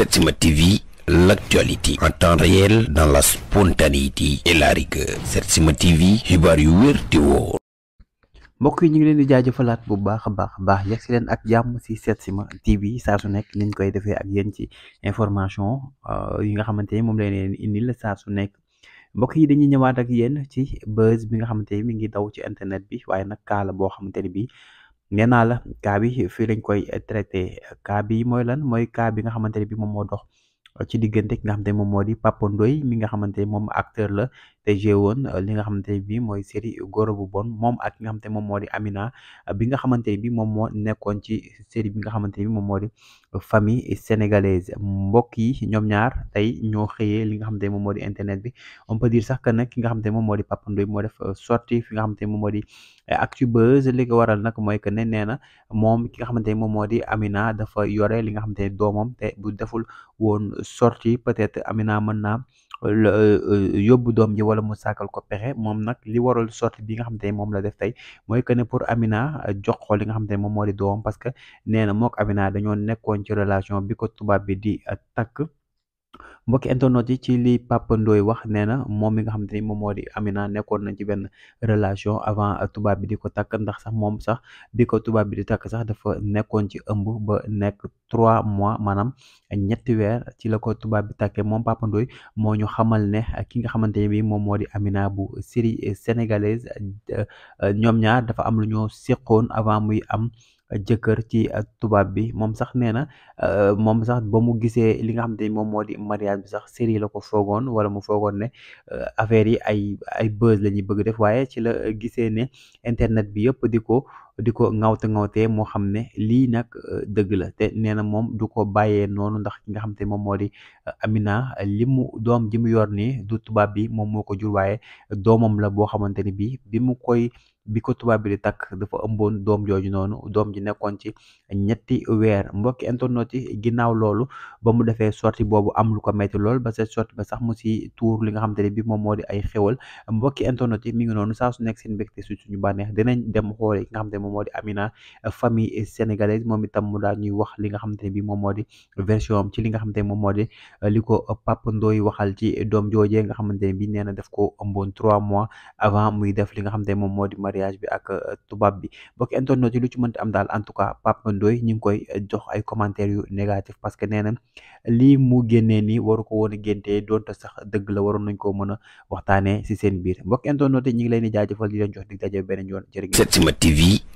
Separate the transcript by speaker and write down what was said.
Speaker 1: Setsima TV l'actualité en temps réel dans la spontanéité et la rigueur Setsima TV xibaar yu wér te wóor mbokk yi ñu ngi leen di jaajëfalaat bu baax a baax a baax yegg si leen ak jàmm si ma TV saa su nekk niñ koy defee ak yéen ci information euh, yi nga xamante ni moom la leen la saa su nekk mbokk yi dañuy ñëwaat ak yéen ci buzz bi nga xamante ni mi ngi daw ci internet bi waaye nag kaala boo xamante ni bi nee la cas bi fii lañ koy traité cas bi mooy lan mooy cas bi nga xamante ne bi moom moo dox euh, ci diggante ki nga xamante ne moom moo di Papa Ndoye mi nga xamante ne moom acteur la te joué woon euh, li nga xamante ne bi mooy série Goro bu bon moom ak ki nga xamante ne moom moo di Amina euh, bi nga xamante ne bi moom moo nekkoon ci série bi nga xamante ne bi moom moo di famille sénégalaise mbokk yi ñoom ñaar tey ñoo xëyee li nga xam te moom moo di internet bi on peut dire sax que ki nga xam te moom moo di Pape Ndoye moo def euh, sorti fi nga xam te moom moo di euh, actu ko waral nag mooy que ne nee na moom ki nga xamante moom moo di Amina dafa yore li nga xam te doomam te bu deful woon sorti peut-être Amina mën naa Euh, euh, yóbbu doom ji wala mu sàkkal ko pexe moom nag li waral sortie bi nga xam te moom la def tey mooy que ne pour Amina euh, jox ko li nga xam te moom moo di doomam parce que nee na mook Amina dañoo nekkoon ci relation bi ko tubaab bi di takk mbokki internet yi ci li Pape Ndoye wax nee na moom mi nga xamante ni moom moo di Amina nekkoon na ci benn relation avant tubaab bi di ko takk ndax sax moom sax bi ko tubaab bi di takk sax dafa nekkoon ci ëmb ba nekk trois mois maanaam ñetti weer ci la ko tubaab bi takkee moom Pape Ndoye moo ñu xamal ne ki nga xamante ni bi moom moo di Amina bu série sénégalaise euh, ñoom ñaar dafa am lu ñoo seqoon avant muy am jëkkër ci uh, tubaab bi moom sax nee na uh, moom sax ba mu gisee li nga xam te ni moom moo di mariage bi sax série la ko foogoon wala mu foogoon ne uh, affaire yi ay ay buzz la ñuy bëgg def waaye ci la gisee ne internet bi yëpp di ko di ko ŋawte ŋawtee moo xam ne lii nag euh, dëgg la te nee na moom du ko bàyyee noonu ndax ki nga xam te moom moo di euh, Amina li mu doom ji mu yor nii du tubaab bi moom moo ko jur waaye doomam la boo xamante ni bii bi mu koy bi ko tubaab bi takk dafa ëmboon doom jooju noonu doom ji nekkoon ci ñetti weer mbokki internet ginnaaw loolu ba mu defee sorti boobu am lu ko metti lool ba sa sorti ba sax mu si tuur li nga xamante ne bi moom moo di ay xewal mbokki internet yi mi ngi noonu saa su nekk seen mbégte su suñu bànneex dem xoole ki nga xamante ne moom moo di Amina famille sénégalaise moom itam mu daal ñuy wax li nga xamante ne bi moom moo di version ci li nga xamante ne moom moo di li ko papandooy waxal ci doom joojee nga xamante ne bi nee na daf ko ëmboon trois mois avant muy def li nga xamante ne moom moo di mariage bi ak euh, tubaab bi bokk internet yi lu ci mënta am daal en tout cas Pape Ndoye ñu ngi koy jox ay commentaires yu négatif parce que nee na lii mu génnee ni waru ko woon a géntee doonte sax dëgg la waroon nañ koo mën a waxtaanee si seen biir mbokk internet ñu ngi leen di jaajëfal jox dig daje beneen yoon jërëjëf Setsima TV